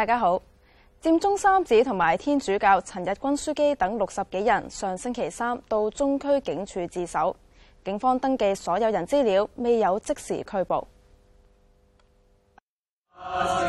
大家好，佔中三子同埋天主教陳日君樞機等六十幾人上星期三到中區警署自首，警方登記所有人資料，未有即時拘捕。啊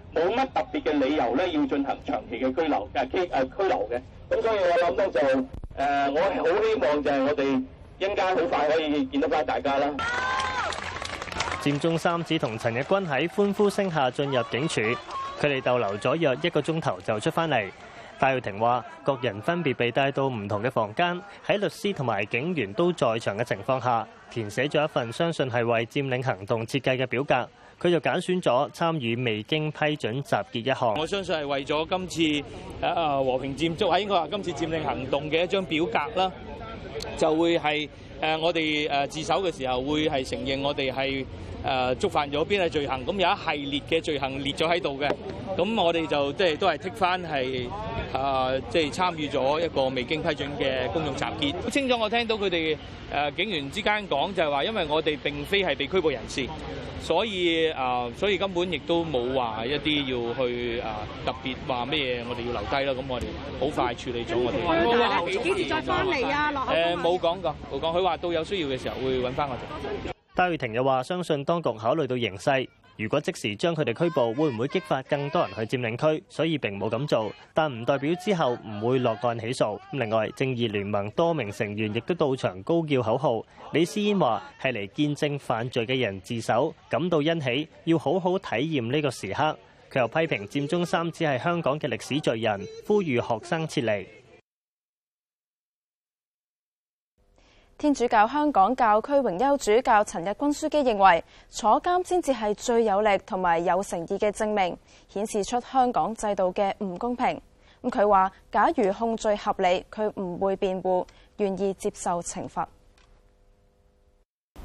冇乜特別嘅理由咧，要進行長期嘅拘留，誒，拘誒拘留嘅。咁所以我諗到就誒，我係好希望就係我哋一陣間好快可以見到翻大家啦。佔中三子同陳日君喺歡呼聲下進入警署，佢哋逗留咗約一個鐘頭就出翻嚟。戴耀廷話，各人分別被帶到唔同嘅房間，喺律師同埋警員都在場嘅情況下，填寫咗一份相信係為佔領行動設計嘅表格，佢就揀選咗參與未經批准集結一項。我相信係為咗今次啊啊和平佔中啊，應該話今次佔領行動嘅一張表格啦，就會係誒我哋誒自首嘅時候會係承認我哋係。誒觸犯咗邊啲罪行？咁有一系列嘅罪行列咗喺度嘅，咁我哋就即係都係剔翻係啊，即係參與咗一個未經批准嘅公眾集結。好清楚，我聽到佢哋誒警員之間講就係話，因為我哋並非係被拘捕人士，所以啊，所以根本亦都冇話一啲要去啊特別話咩嘢，我哋要留低啦。咁我哋好快處理咗我哋。幾時再翻嚟啊？落口供啊？誒冇講過，我講佢話到有需要嘅時候會揾翻我哋。戴瑞婷又話：相信當局考慮到形勢，如果即時將佢哋拘捕，會唔會激發更多人去佔領區，所以並冇咁做，但唔代表之後唔會落案起訴。另外，正義聯盟多名成員亦都到場高叫口號。李思嫣話：係嚟見證犯罪嘅人自首，感到欣喜，要好好體驗呢個時刻。佢又批評佔中三子係香港嘅歷史罪人，呼籲學生撤離。天主教香港教區榮休主教陳日君樞機認為坐監先至係最有力同埋有誠意嘅證明，顯示出香港制度嘅唔公平。咁佢話：假如控罪合理，佢唔會辯護，願意接受懲罰。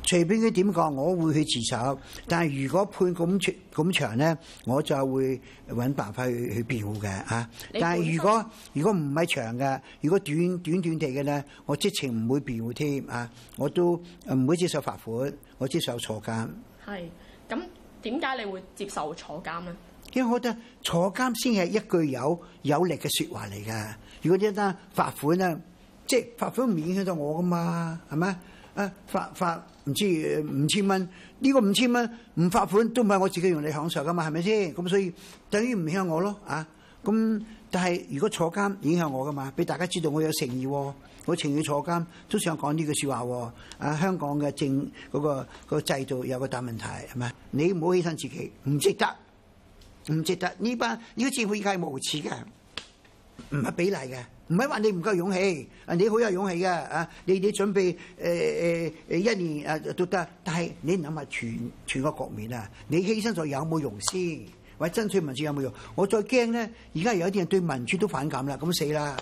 隨便佢點講，我會去自首。但係如果判咁長咁長咧，我就會搵辦法去去辯護嘅吓。但係如果如果唔係長嘅，如果短短短地嘅咧，我即情唔會辯護添嚇、啊。我都唔會接受罰款，我接受坐監。係咁，點解你會接受坐監咧？因為我覺得坐監先係一句有有力嘅説話嚟㗎。如果一單罰款啊，即係罰款唔影響到我㗎嘛，係咪？啊，罰罰唔知五千蚊，呢個五千蚊唔罰款都唔係我自己用嚟享受㗎嘛，係咪先？咁所以等於唔向我咯，啊！咁但係如果坐監影響我㗎嘛，俾大家知道我有誠意喎，我情願坐監，都想講呢句説話喎。啊，香港嘅政嗰個嗰個制度有個大問題係咪？你唔好犧牲自己，唔值得，唔值得。呢班呢個政府而家係無恥嘅，唔係比例嘅。唔係話你唔夠勇氣，啊你好有勇氣嘅啊！你你準備誒誒誒一年誒都得，但係你諗下全全個局面啊！你犧牲咗有冇用先？或者爭取民主有冇用？我再驚咧，而家有啲人對民主都反感啦，咁死啦！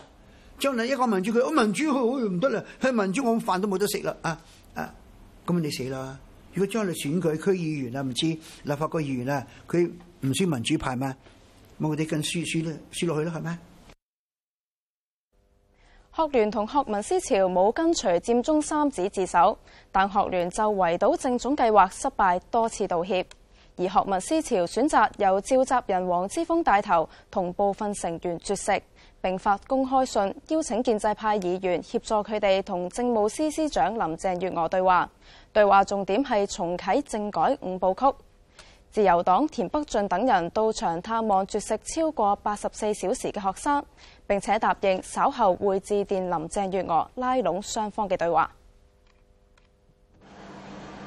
將來一個民主，佢講民，民主，佢唔得啦，去民主我飯都冇得食啦！啊啊！咁你死啦！如果將來選舉區議員啦、唔知立法局議員啦，佢唔輸民主派咩？咁佢哋更輸咧，輸落去啦，係咩？學聯同學民思潮冇跟隨佔中三子自首，但學聯就圍堵政總計劃失敗，多次道歉。而學民思潮選擇由召集人黃之鋒帶頭，同部分成員絕食，並發公開信邀請建制派議員協助佢哋同政務司司長林鄭月娥對話。對話重點係重啟政改五部曲。自由黨田北俊等人到場探望絕食超過八十四小時嘅學生。並且答應稍後會致電林鄭月娥拉攏雙方嘅對話。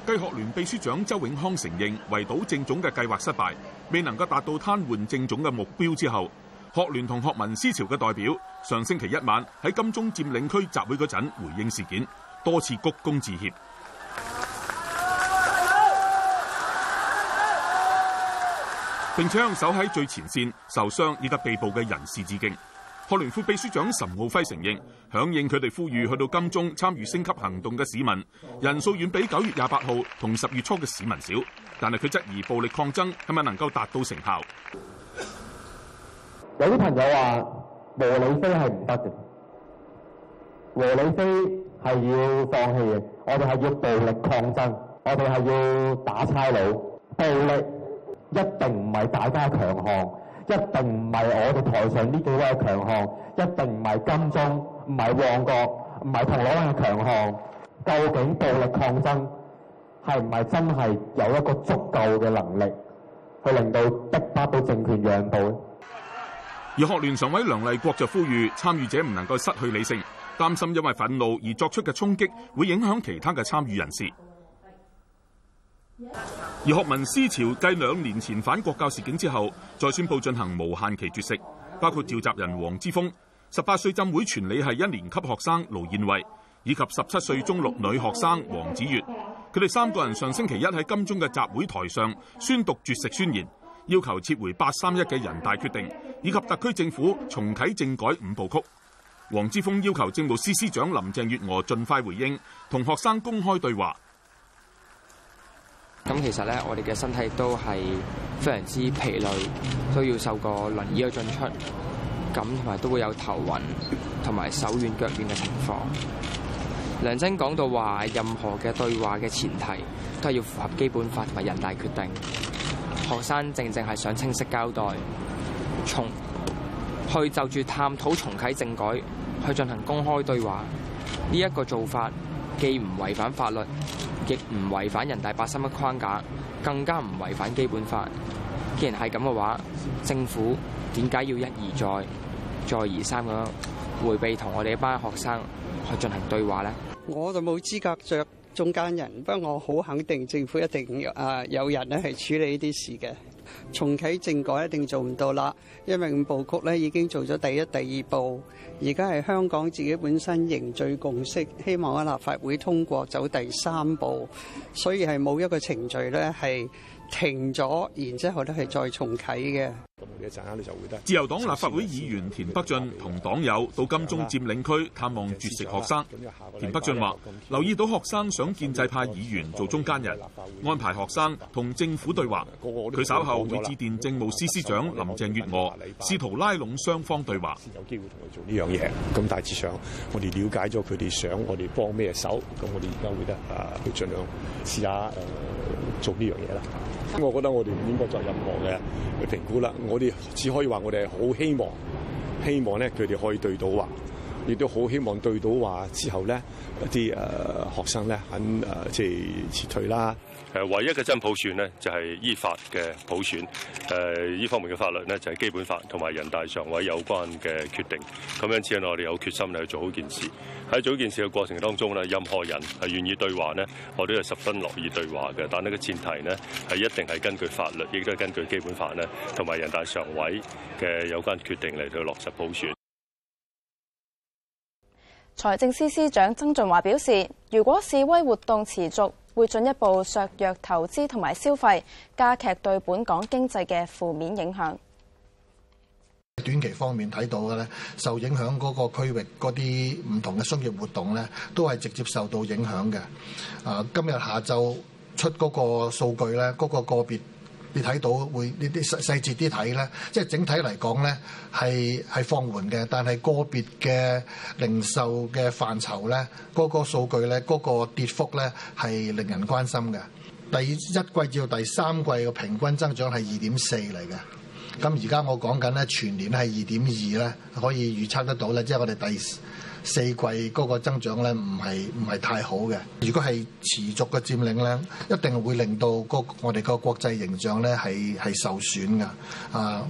繼學聯秘書長周永康承認圍堵政總嘅計劃失敗，未能夠達到癱瘓政總嘅目標之後，學聯同學民思潮嘅代表上星期一晚喺金鐘佔領區集會嗰陣回應事件，多次鞠躬致歉，並且向守喺最前線受傷以及被捕嘅人士致敬。學聯副秘書長岑浩輝承認，響應佢哋呼籲去到金鐘參與升級行動嘅市民人數遠比九月廿八號同十月初嘅市民少，但係佢質疑暴力抗爭係咪能夠達到成效？有啲朋友話和理非係唔得嘅，和理非係要放棄嘅，我哋係要暴力抗爭，我哋係要打差佬，暴力一定唔係大家強項，一定唔係我哋台上呢幾位嘅強項，一定唔係金鐘，唔係旺角，唔係銅鑼灣嘅強項，究竟暴力抗爭，係唔係真係有一個足夠嘅能力去令到逼得到政權讓步。而學聯常委梁麗國就呼籲參與者唔能夠失去理性，擔心因為憤怒而作出嘅衝擊會影響其他嘅參與人士。而學民思潮繼兩年前反國教事件之後，再宣佈進行無限期絕食，包括召集人黃之鋒、十八歲浸會傳理系一年級學生盧燕慧以及十七歲中六女學生黃子悅，佢哋三個人上星期一喺金鐘嘅集會台上宣讀絕食宣言，要求撤回八三一嘅人大決定以及特區政府重啟政改五部曲。黃之鋒要求政務司司長林鄭月娥盡快回應，同學生公開對話。咁其實咧，我哋嘅身體都係非常之疲累，都要受個輪椅嘅進出咁，同埋都會有頭暈同埋手軟腳軟嘅情況。梁晶講到話，任何嘅對話嘅前提都係要符合基本法同埋人大決定。學生正正係想清晰交代，從去就住探討重啟政改，去進行公開對話呢一個做法，既唔違反法律，亦唔違反人大八三一框架，更加唔違反基本法。既然係咁嘅話，政府點解要一而再、再而三咁回避同我哋一班學生去進行對話呢？我就冇資格做中間人，不過我好肯定政府一定啊有人咧係處理呢啲事嘅。重啟政改一定做唔到啦，因為五步曲咧已經做咗第一、第二步，而家係香港自己本身凝聚共識，希望喺立法會通過走第三步，所以係冇一個程序咧停咗，然之後咧係再重啟嘅。自由黨立法會議員田北俊同黨友到金鐘佔領區探望絕食學生。田北俊話：留意到學生想建制派議員做中間人，安排學生同政府對話。佢稍後會致電政務司司長林鄭月娥，試圖拉攏雙方對話。有機會同佢做呢樣嘢。咁大致上，我哋了解咗佢哋想我哋幫咩手，咁我哋而家會得啊，去盡量試下誒做呢樣嘢啦。咁我覺得我哋唔應該作任何嘅評估啦，我哋只可以話我哋好希望，希望咧佢哋可以對到話，亦都好希望對到話之後咧一啲誒學生咧肯誒即係撤退啦。誒唯一嘅真普選呢，就係依法嘅普選。誒呢方面嘅法律呢，就係基本法同埋人大常委有關嘅決定。咁樣自然我哋有決心去做好件事。喺做好件事嘅過程當中，呢任何人係願意對話，呢我都係十分樂意對話嘅。但呢個前提呢，係一定係根據法律，亦都係根據基本法呢，同埋人大常委嘅有關決定嚟到落實普選。財政司司長曾俊華表示，如果示威活動持續，會進一步削弱投資同埋消費，加劇對本港經濟嘅負面影響。短期方面睇到嘅咧，受影響嗰個區域嗰啲唔同嘅商業活動咧，都係直接受到影響嘅。啊、呃，今日下晝出嗰個數據咧，嗰、嗰個個別。你睇到會呢啲細細節啲睇咧，即係整體嚟講咧係係放緩嘅，但係個別嘅零售嘅範疇咧，嗰個數據咧，嗰個跌幅咧係令人關心嘅。第一季至到第三季嘅平均增長係二點四嚟嘅，咁而家我講緊咧全年係二點二咧，可以預測得到咧，即係我哋第。四季嗰個增長咧，唔係唔係太好嘅。如果係持續嘅佔領咧，一定會令到、嗰個我哋個國際形象咧係係受損嘅。啊，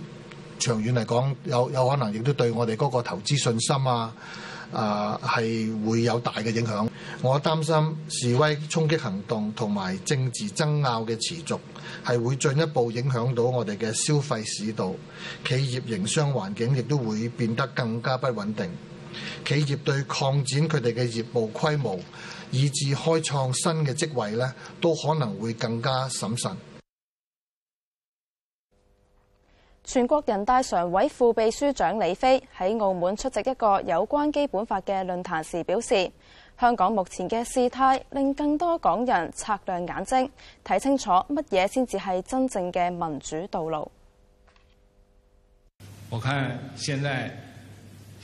長遠嚟講，有有可能亦都對我哋嗰個投資信心啊啊係會有大嘅影響，我擔心示威衝擊行動同埋政治爭拗嘅持續，係會進一步影響到我哋嘅消費市道、企業營商環境，亦都會變得更加不穩定。企業對擴展佢哋嘅業務規模，以至開創新嘅職位，呢都可能會更加審慎。全國人大常委副秘書長李飛喺澳門出席一個有關基本法嘅論壇時表示，香港目前嘅事態令更多港人擦亮眼睛，睇清楚乜嘢先至係真正嘅民主道路。我看現在。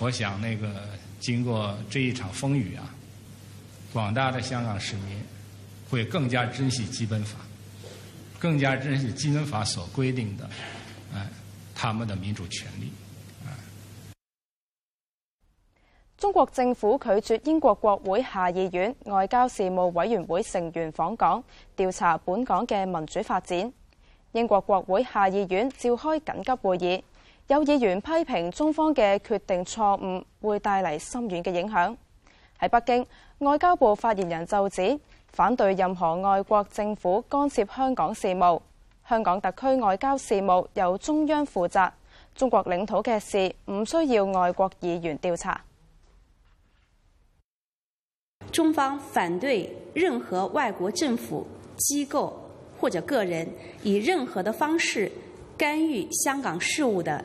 我想，那個經過這一場風雨啊，廣大的香港市民會更加珍惜基本法，更加珍惜基本法所規定的，誒、啊、他們的民主權利啊。中國政府拒絕英國國會下議院外交事務委員會成員訪港調查本港嘅民主發展。英國國會下議院召開緊急會議。有議員批評中方嘅決定錯誤，會帶嚟深遠嘅影響。喺北京，外交部發言人就指，反對任何外國政府干涉香港事務。香港特區外交事務由中央負責，中國領土嘅事唔需要外國議員調查。中方反對任何外國政府、機構或者個人以任何的方式干預香港事務的。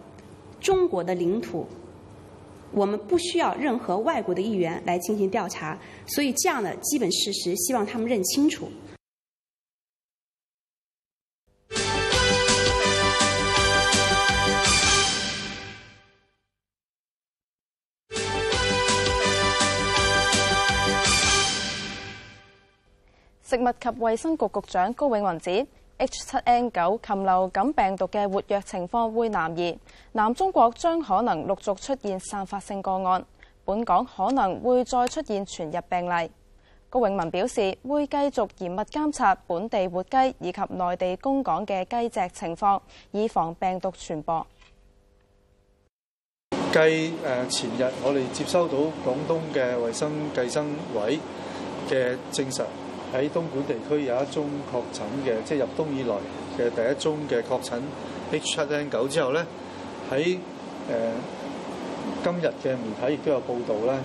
中國的領土，我們不需要任何外國的議員來進行調查，所以這樣的基本事實，希望他們認清楚。食物及衛生局局長高永文指。H 7N9 禽流感病毒嘅活躍情況會南移，南中國將可能陸續出現散發性個案，本港可能會再出現傳入病例。高永文表示，會繼續嚴密監察本地活雞以及內地供港嘅雞隻情況，以防病毒傳播。計誒，前日我哋接收到廣東嘅衛生計生委嘅證實。喺東莞地區有一宗確診嘅，即係入冬以來嘅第一宗嘅確診 H7N9 之後咧，喺誒今日嘅媒體亦都有報導咧，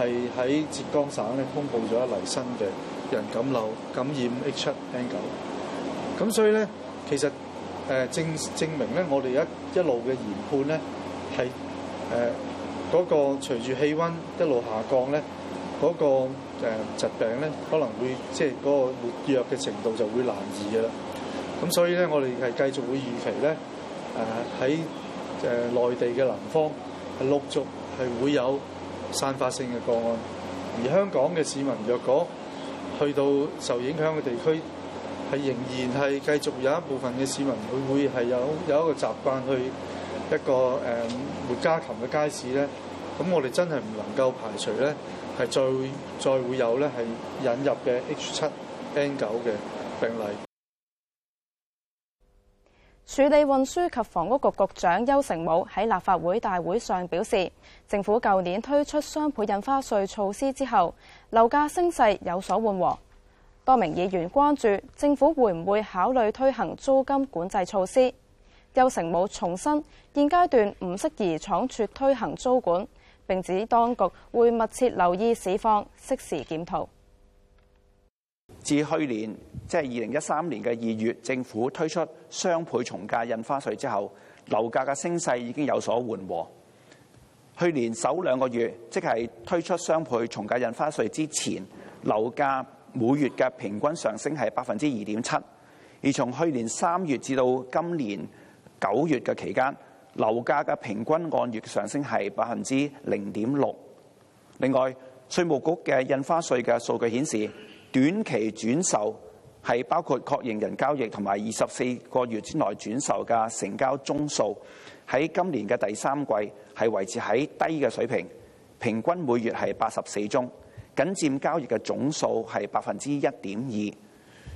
係喺浙江省咧公布咗一例新嘅人感染感染 H7N9。咁所以咧，其實誒證證明咧，我哋一一路嘅研判咧係誒嗰個隨住氣温一路下降咧嗰個。誒疾病咧，可能會即係嗰個活躍嘅程度就會難以嘅啦。咁所以咧，我哋係繼續會預期咧，誒喺誒內地嘅南方係陸續係會有散發性嘅個案。而香港嘅市民若果去到受影響嘅地區，係仍然係繼續有一部分嘅市民會會，唔會係有有一個習慣去一個誒活、呃、家禽嘅街市咧。咁我哋真係唔能夠排除咧。係再會再有引入嘅 H 七 N 九嘅病例。處理運輸及房屋局局長邱誠武喺立法會大會上表示，政府舊年推出雙倍印花稅措施之後，樓價升勢有所緩和。多名議員關注政府會唔會考慮推行租金管制措施。邱誠武重申，現階段唔適宜倉猝推行租管。並指當局會密切留意市況，適時檢討。自去年即係二零一三年嘅二月，政府推出雙倍重價印花稅之後，樓價嘅升勢已經有所緩和。去年首兩個月，即係推出雙倍重價印花稅之前，樓價每月嘅平均上升係百分之二點七。而從去年三月至到今年九月嘅期間。樓價嘅平均按月上升係百分之零點六。另外，稅務局嘅印花稅嘅數據顯示，短期轉售係包括確認人交易同埋二十四個月之內轉售嘅成交宗數，喺今年嘅第三季係維持喺低嘅水平，平均每月係八十四宗，僅佔交易嘅總數係百分之一點二。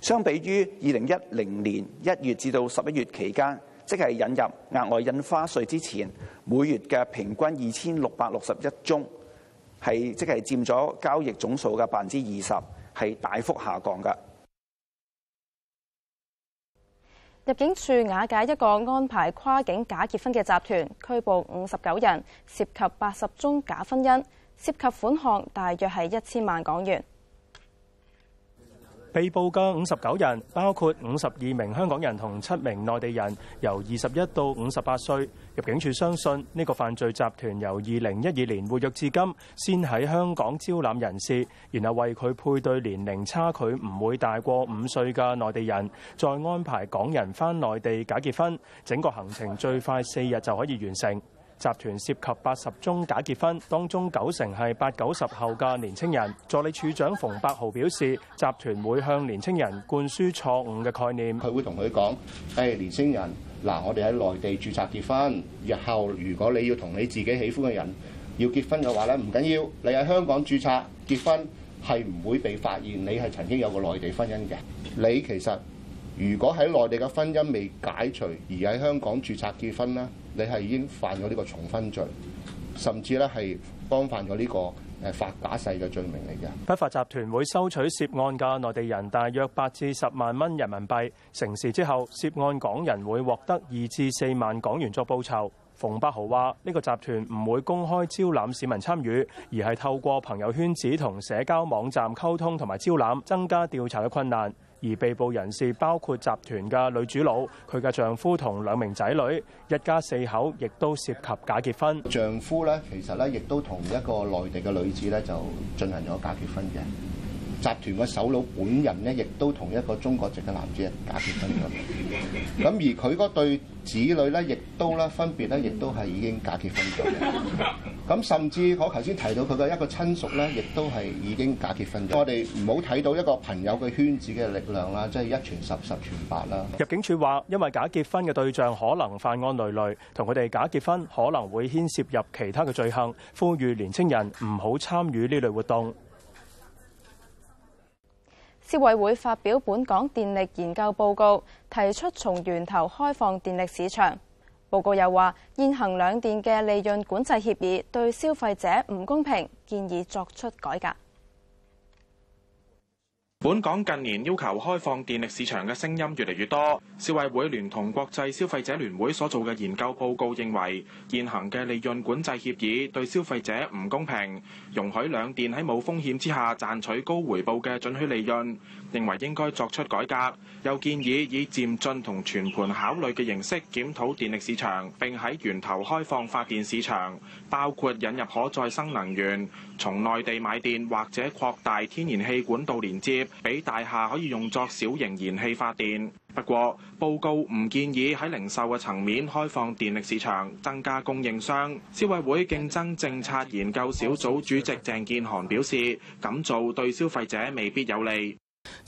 相比於二零一零年一月至到十一月期間。即係引入額外印花稅之前，每月嘅平均二千六百六十一宗係即係佔咗交易總數嘅百分之二十，係大幅下降嘅。入境處瓦解一個安排跨境假結婚嘅集團，拘捕五十九人，涉及八十宗假婚姻，涉及款項大約係一千萬港元。被捕嘅五十九人，包括五十二名香港人同七名內地人，由二十一到五十八歲，入境處相信呢個犯罪集團由二零一二年活躍至今，先喺香港招攬人士，然後為佢配對年齡差距唔會大過五歲嘅內地人，再安排港人返內地假結婚，整個行程最快四日就可以完成。集團涉及八十宗假結婚，當中九成係八九十後嘅年青人。助理處長馮伯豪表示，集團會向年青人灌輸錯誤嘅概念。佢會同佢講：誒、哎、年青人，嗱，我哋喺內地註冊結婚，日後如果你要同你自己喜歡嘅人要結婚嘅話咧，唔緊要，你喺香港註冊結婚係唔會被發現你係曾經有過內地婚姻嘅。你其實如果喺內地嘅婚姻未解除，而喺香港註冊結婚啦。你係已經犯咗呢個重婚罪，甚至呢係幫犯咗呢個誒發假誓嘅罪名嚟嘅。不法集團會收取涉案嘅內地人大約八至十萬蚊人民幣，成事之後，涉案港人會獲得二至四萬港元作報酬。馮百豪話：呢、呢個集團唔會公開招攬市民參與，而係透過朋友圈子同社交網站溝通同埋招攬，增加調查嘅困難。而被捕人士包括集團嘅女主腦，佢嘅丈夫同兩名仔女，一家四口亦都涉及假結婚。丈夫咧，其實咧亦都同一個內地嘅女子咧，就進行咗假結婚嘅。集團嘅首腦本人呢，亦都同一個中國籍嘅男子人假結婚咗。咁而佢嗰對子女呢，亦都呢分別，呢亦都係已經假結婚咗。咁甚至我頭先提到佢嘅一個親屬呢，亦都係已經假結婚咗。我哋唔好睇到一個朋友嘅圈子嘅力量啦，即係一傳十，十傳百啦。入境處話，因為假結婚嘅對象可能犯案累累，同佢哋假結婚可能會牽涉入其他嘅罪行，呼籲年輕人唔好參與呢類活動。消委會發表本港電力研究報告，提出從源頭開放電力市場。報告又話現行兩電嘅利潤管制協議對消費者唔公平，建議作出改革。本港近年要求開放電力市場嘅聲音越嚟越多。消委會聯同國際消費者聯會所做嘅研究報告認為，現行嘅利潤管制協議對消費者唔公平，容許兩電喺冇風險之下賺取高回報嘅准許利潤。認為應該作出改革，又建議以漸進同全盤考慮嘅形式檢討電力市場，並喺源頭開放發電市場，包括引入可再生能源、從內地買電或者擴大天然氣管道連接，俾大廈可以用作小型燃氣發電。不過報告唔建議喺零售嘅層面開放電力市場，增加供應商。消委會競爭政策研究小組主席鄭建韓表示，咁做對消費者未必有利。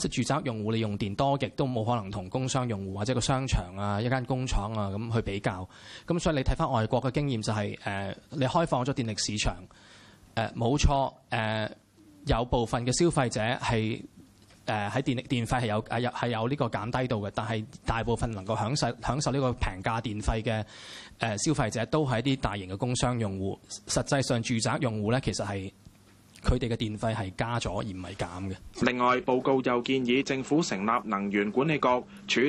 即住宅用戶，你用電多極，亦都冇可能同工商用戶或者個商場啊、一間工廠啊咁去比較。咁所以你睇翻外國嘅經驗就係，誒，你開放咗電力市場，誒，冇錯，誒，有部分嘅消費者係，誒，喺電力電費係有係有係有呢個減低度嘅。但係大部分能夠享受享受呢個平價電費嘅誒消費者，都係啲大型嘅工商用戶。實際上，住宅用戶咧，其實係。佢哋嘅電費係加咗而唔係減嘅。另外，報告又建議政府成立能源管理局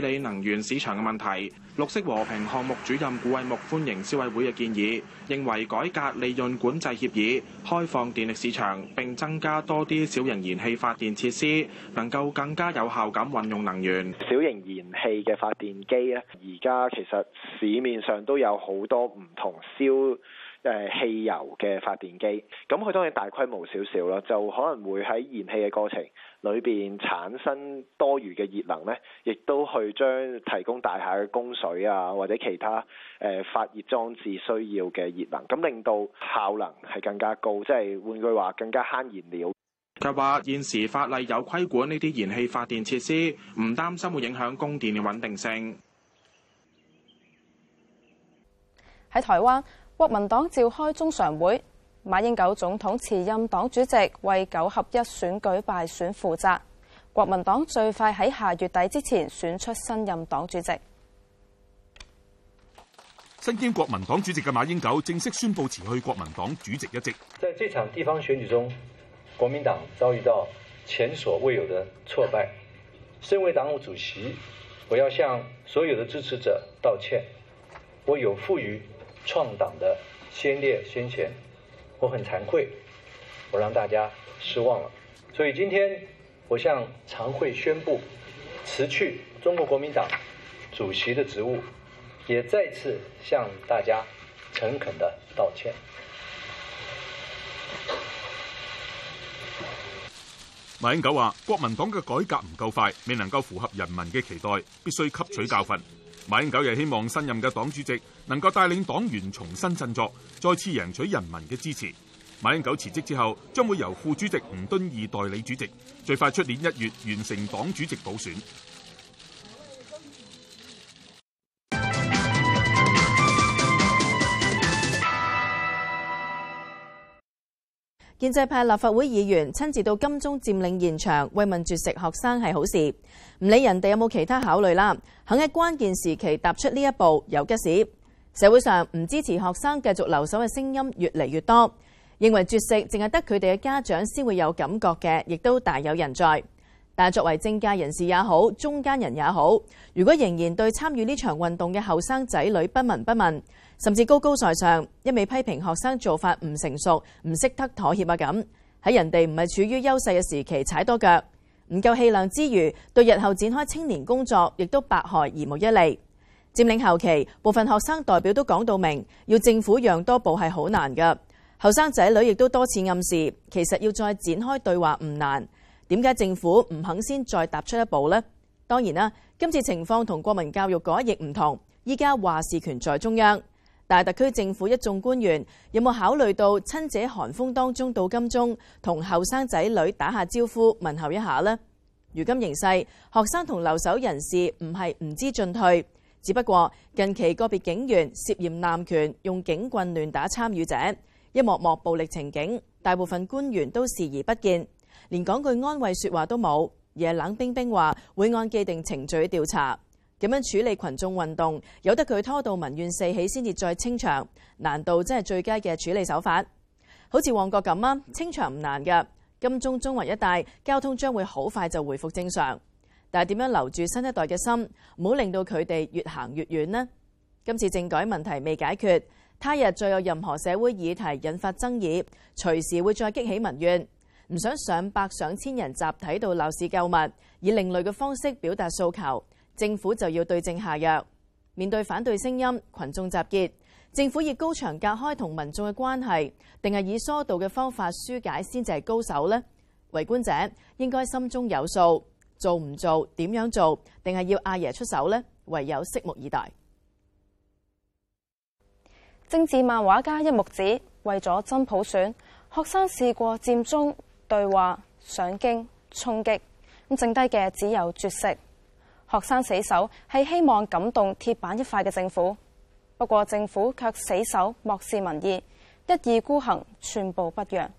處理能源市場嘅問題，綠色和平項目主任古偉牧歡迎消委會嘅建議，認為改革利潤管制協議，開放電力市場並增加多啲小型燃氣發電設施，能夠更加有效咁運用能源。小型燃氣嘅發電機咧，而家其實市面上都有好多唔同燒，誒汽油嘅發電機，咁佢當然大規模少少啦，就可能會喺燃氣嘅過程裏邊產生多餘嘅熱能咧，亦都去將提供大廈嘅供水啊或者其他誒發熱裝置需要嘅熱能，咁令到效能係更加高，即係換句話更加慳燃料。佢話現時法例有規管呢啲燃氣發電設施，唔擔心會影響供電嘅穩定性。喺台灣。國民黨召開中常會，馬英九總統辭任黨主席，為九合一選舉敗選負責。國民黨最快喺下月底之前選出新任黨主席。身兼國民黨主席嘅馬英九正式宣布辭去國民黨主席一職。在這場地方選舉中，國民黨遭遇到前所未有的挫敗。身為黨務主席，我要向所有的支持者道歉，我有負於。創黨的先烈先賢，我很慚愧，我讓大家失望了。所以今天我向常會宣布辭去中國國民黨主席的職務，也再次向大家誠懇的道歉。馬英九話：國民黨嘅改革唔夠快，未能夠符合人民嘅期待，必須吸取教訓。馬英九又希望新任嘅黨主席能夠帶領黨員重新振作，再次贏取人民嘅支持。馬英九辭職之後，將會由副主席吳敦義代理主席，最快出年一月完成黨主席補選。建制派立法會議員親自到金鐘佔領現場慰問絕食學生係好事，唔理人哋有冇其他考慮啦，肯喺關鍵時期踏出呢一步有吉事。社會上唔支持學生繼續留守嘅聲音越嚟越多，認為絕食淨係得佢哋嘅家長先會有感覺嘅，亦都大有人在。但係作為政界人士也好，中間人也好，如果仍然對參與呢場運動嘅後生仔女不聞不問，甚至高高在上，一味批評學生做法唔成熟、唔識得妥協啊！咁喺人哋唔係處於優勢嘅時期踩多腳，唔夠氣量之餘，對日後展開青年工作亦都百害而無一利。佔領後期，部分學生代表都講到明，要政府讓多步係好難噶。後生仔女亦都多次暗示，其實要再展開對話唔難，點解政府唔肯先再踏出一步咧？當然啦，今次情況同國民教育嗰一役唔同，依家話事權在中央。大特區政府一眾官員有冇考慮到親者寒風當中到金鐘，同後生仔女打下招呼問候一下呢？如今形勢，學生同留守人士唔係唔知進退，只不過近期個別警員涉嫌濫權，用警棍亂打參與者，一幕幕暴力情景，大部分官員都視而不見，連講句安慰說話都冇，而係冷冰冰話會按既定程序調查。點樣處理群眾運動，由得佢拖到民怨四起先至再清場，難道真係最佳嘅處理手法？好似旺角咁啊，清場唔難㗎。金鐘中環一帶交通將會好快就回復正常。但係點樣留住新一代嘅心，唔好令到佢哋越行越遠呢？今次政改問題未解決，他日再有任何社會議題引發爭議，隨時會再激起民怨。唔想上百、上千人集體到鬧市購物，以另類嘅方式表達訴求。政府就要對症下藥，面對反對聲音、群眾集結，政府以高牆隔開同民眾嘅關係，定係以疏導嘅方法疏解先至係高手呢？圍觀者應該心中有數，做唔做、點樣做，定係要阿爺出手呢？唯有拭目以待。政治漫畫家一木子為咗真普選，學生試過佔中對話、上京衝擊，咁剩低嘅只有絕食。學生死守係希望感動鐵板一塊嘅政府，不過政府卻死守漠視民意，一意孤行，寸步不讓。